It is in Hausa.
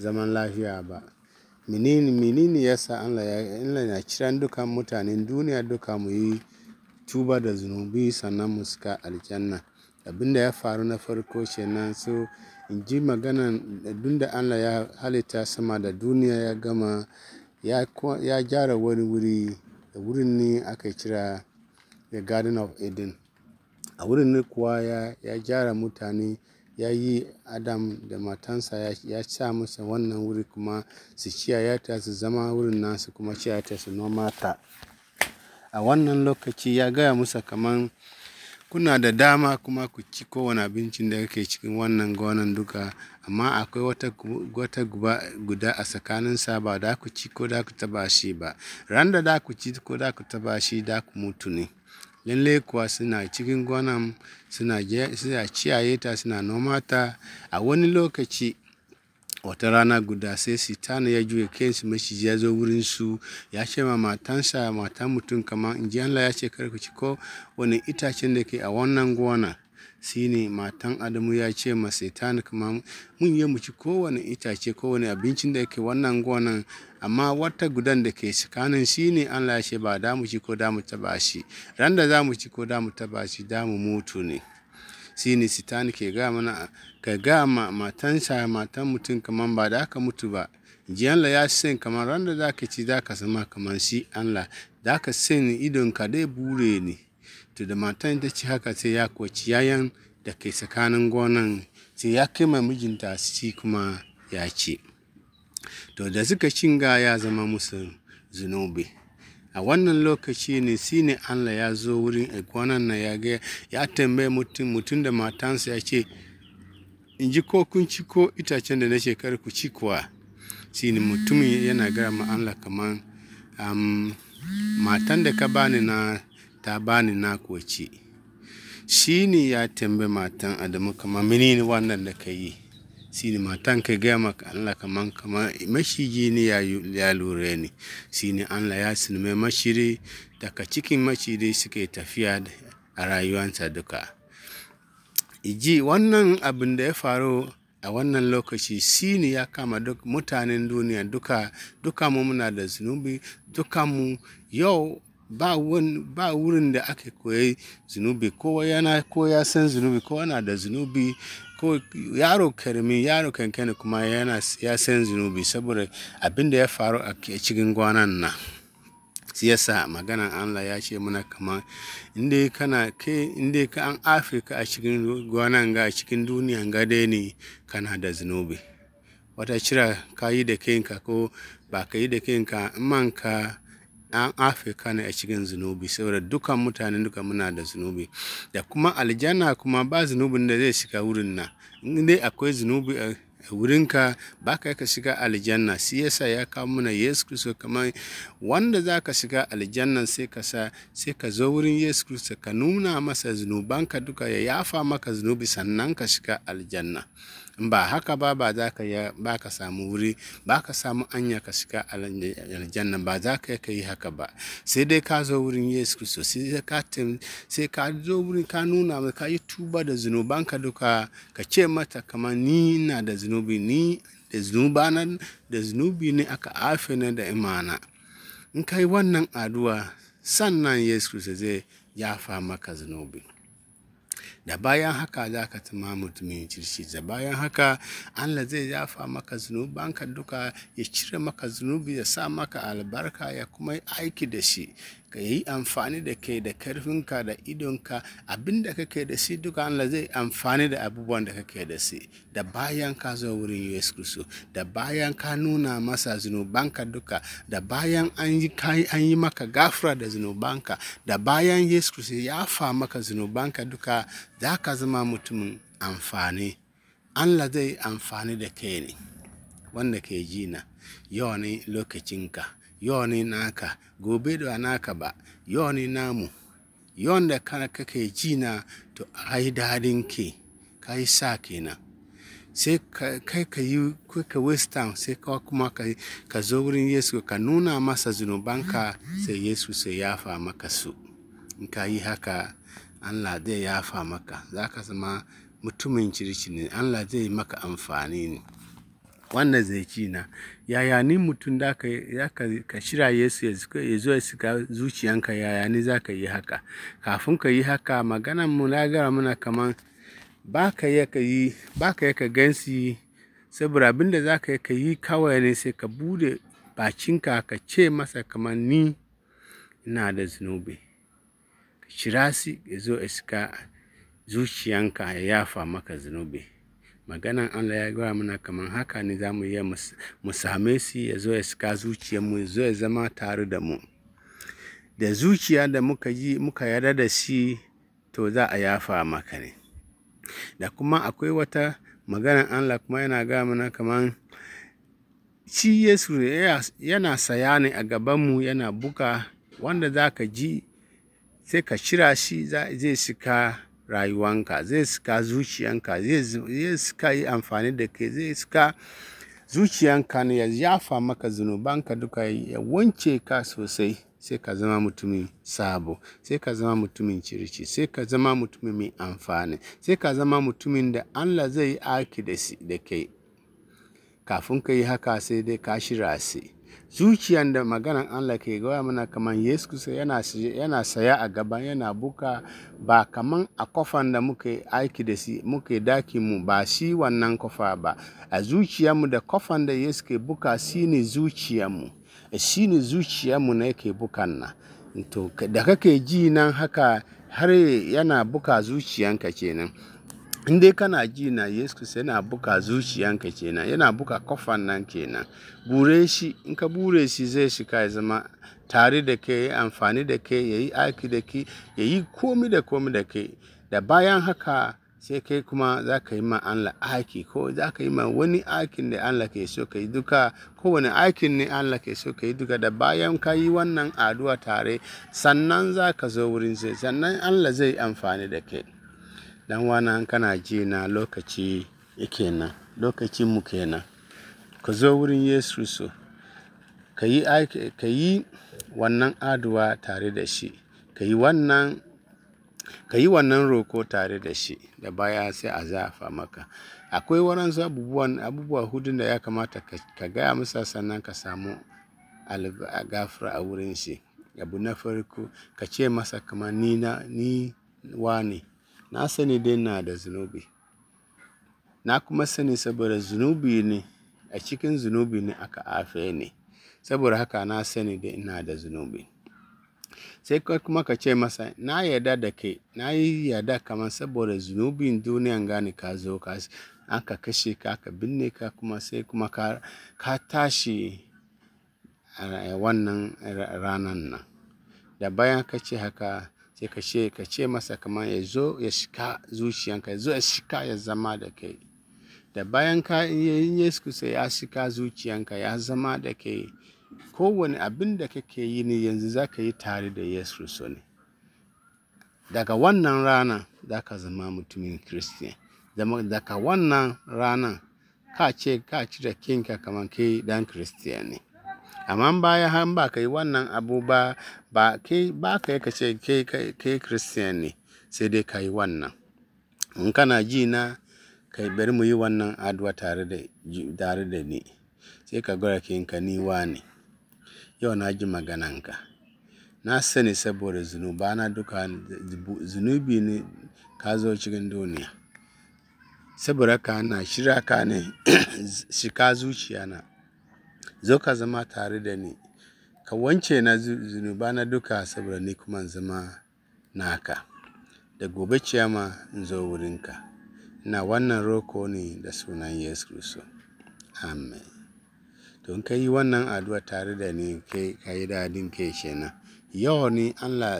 zaman lafiya ba menene menene yasa Allah ya Allah na kiran dukan mutanen duniya duka mu yi tuba da zunubi sannan mu suka aljanna abinda ya faru na farko kenan so in ji maganan da Allah ya halitta sama da duniya ya gama ya, ya gyara wani wuri da wurin ne aka kira the garden of eden a wurin ne kuwa ya, ya gyara mutane ya yi Adam da matansa ya sa musu wannan wuri kuma su ciyayata su zama wurin nasu kuma kiyaye ta su noma ta. A wannan lokaci ya gaya musu kaman kuna da dama kuma ku ci kowane abincin da yake cikin wannan gonan duka amma akwai wata, guda a tsakanin sa ba da ku ci ko da ku taba shi ba ran da da ku ci ko da ku taba shi da ku mutu ne. lallai kuwa suna cikin gonan suna ciyaye ta suna noma ta a wani lokaci wata rana guda sai sitana ya juya su maciji ya zo wurin su ya ce ma matansa matan mutum kamar in ji Allah ya ce karku ko wani itacen da ke a wannan gona shine matan Adamu ya ce ma satanic ma mun yi muci kowane itace kowane abincin da yake wannan gonan amma wata gudan da ke tsakanin shine Allah ya ce ba da mu ci ko da mu taba shi ran za mu ci ko da mu taba shi da mu mutu ne shine satanic ke ga mana ka ga ma matan mutum kaman ba da aka mutu ba la ya sen kamar ran da za ka ci za ka zama kamar shi Allah da ka idon ka dai bure ne to da matan ta ci haka sai ya kuwa yayan da ke tsakanin gonan sai ya kai mai mijinta su ci kuma ya ce to da suka cinga ya zama musu zunubi a wannan lokaci ne shi ne allah ya zo wurin eh, gonan na ya ga ya tambaye mutum mutum da matansa ya ce in ji ko kun ci ko itacen da na shekar ku ci kuwa shi ne mutumin yana gara ma allah kaman um, matan da ka bani na ta bani na koci shi ne ya tambe matan adamu kamar ne wannan da ka yi shi ne matan ka gaya maka allah kamar kamar mashigi ne ya lura ne shi ne allah ya sinime mashiri daga cikin mashiri suke tafiya a rayuwansa duka iji wannan abin da ya faru a wannan lokaci shi ne ya kama mutanen duniya duka duka mu muna da zunubi duka mu yau ba wurin da aka koyi zunubi kowa yana ko san zunubi kowa na da zunubi ko yaro karmi yaro kankani kuma yana ya san zunubi saboda abinda ya faru a cikin gwanan nan siyasa maganan Allah ya ce muna kama inda kana ke inda ka an Afirka a cikin gwanan ga a cikin duniya ga dai ne kana da zunubi wata cira ka yi da kanka ko ba ka yi da kanka in manka ɗan afirka ne a cikin zunubi saboda dukan mutane duka muna da zunubi da kuma aljanna kuma ba zunubin da zai shiga wurin nan in akwai zunubi a wurinka ba ka ka shiga aljanna shi yasa ya kawo mana yesu kristo kamar wanda za ka shiga aljanna sai ka sa sai ka zo wurin yesu kristo ka nuna masa zunubanka duka ya yafa maka zunubi sannan ka shiga aljanna ba haka ba ba za ka ba ka samu wuri ba ka samu anya ka shiga aljanna ba za ka ka yi haka ba sai dai ka zo wurin yesu kristo sai ka zo wurin ka nuna mai ka yi tuba da ka duka ka ce mata kama ni na da zunubi ni da na da zunubi ne aka afina da imana in kai wannan aduwa sannan yesu kristo zai yafa maka zunubi da bayan haka za ka zama mutumin kirki da bayan haka Allah zai yafa maka zunubanka duka ya cire maka zunubi ya sa maka albarka ya kuma aiki da shi ka yi amfani da kai da karfinka da idonka abin da kake da shi duka Allah zai amfani da abubuwan da kake da shi da bayan ka zo wurin Yesu Kristo da bayan ka nuna masa zinubanka duka da bayan an yi an yi maka gafara da zinubanka da bayan Yesu Kristo ya fa maka zinubanka duka za ka zama mutumin amfani Allah zai amfani da kai ne wanda ke ji na yawanin lokacinka yoni naka gobe a naka ba yoni namu yon da kana kake ji na to ai dadin ke ka sa kenan sai kai ka yi kuka western sai ka kuma ka zo wurin yesu ka nuna masa zunubanka sai yesu sai yafa maka su in ka yi haka allah zai yafa maka za ka zama mutumin ciri ne allah zai maka amfani ne wannan zai na yaya ni mutum da ka, ka shira yesu ya zo ya shiga zuciyanka yaya ni za ka yi haka kafin ka yi haka maganan mu na gara muna kaman ba ka yi ka yi ba yi saboda abin da za ka yi ka yi kawai ne sai ka bude bacinka ka ce masa kaman ni ina da zunubi ka shira su ya zo ya shiga zuciyanka ya yafa maka zunubi maganan Allah ya gaya mana kamar haka ne za mu iya mu same su ya zo ya sika zuciyarmu ya zo ya zama tare da mu da zuciya da muka yi muka yarda da shi to za a yafa maka ne da kuma akwai wata maganan Allah kuma yana gaya mana kamar shi Yesu yana saya ne a gabanmu yana buka wanda za ka ji sai ka shira shi zai shika rayuwanka zai suka zuciyanka zai suka yi amfani da kai zai suka zuciyanka ne ya yafa maka zunubanka duka ya wance ka sosai sai ka zama mutumin sabo sai ka zama mutumin circi sai ka zama mutumin mai amfani sai ka zama mutumin da allah zai yi aki da kai kafin ka yi haka sai dai ka shirya rasi. zuciyan da maganan Allah ke gaya mana kamar Yesu kusa yana, saya a gaban yana buka ba kaman a kofan da muke aiki da shi muke daki mu ba shi wannan kofa ba a mu da kofan da Yesu ke buka shi ne zuciyarmu shi ne mu ne ke bukan nan to da kake ji nan haka har yana buka zuciyanka kenan in dai kana ji na yesu kristi yana buka zuciyanka kenan yana buka kofan nan kenan bure shi in ka bure shi zai shiga ya zama tare da ke amfani da ke yayi aiki da ke yayi komi da komi da ke da bayan haka sai kai kuma za ka yi ma Allah aiki ko za ka yi ma wani aikin da Allah ke so ka yi duka kowane aikin ne Allah ke so ka yi duka da bayan ka yi wannan aduwa tare sannan za ka zo wurin sai sannan Allah zai amfani da kai Dan wana kana ji na lokaci yake nan, lokacin mu kenan Ka zo wurin Yesu su ka yi ka wannan aduwa tare da shi. Ka yi wannan, ka yi wannan roko tare da shi da baya sai a zafa maka. Akwai waɗansu abubuwan, abubuwa hudun da ya kamata ka gaya masa sannan ka samu gafara a wurin shi. Abu na farko ka ce masa kamar ni na, ni wa ne. Na sani dai na da zunubi. Na kuma sani saboda zunubi ne, a cikin zunubi ne aka afe ne Saboda haka na sani dai ina da zunubi. Sai kuma ka ce masa, na yarda da kai, na yi yarda kaman saboda zunubin duniyan gane ka zo ka, aka kashe ka, ka binne ka kuma sai kuma ka, ka tashi wannan ranan nan. Da bayan ka ce haka sai ka ce ka ce masa kamar ya zo ya shika zuciyanka ya zo ya shika ya zama da kai da bayan ka in yesu sai ya shika zuciyanka ya zama da kai kowane abin da kake yi ne yanzu za ka yi tare da yesu so ne daga wannan rana za ka zama mutumin kristiyan daga wannan rana ka ce ka da kinka kamar kai dan kiristiyan ne Amma bayan har ba ka yi wannan abu ba, ba ba ka yi ka ce kai Christian ne sai dai ka yi wannan. In kana ji na kai bari mu yi wannan addu'a tare da tare da ni. Sai ka gwada ka ni Yau na ji magananka. Na sani saboda na duka zunubi ne ka zo cikin duniya. Saboda ka na shirya ka ne shika zuciya na. zo ka zama tare da ni ka wance na zunuba na duka saboda ni kuma zama naka da gobe ciyama in zo wurinka na wannan roko ne da sunan yesu kristo amen to ka yi wannan addu'a tare da ni ka yi daɗin kai shena yau ne allah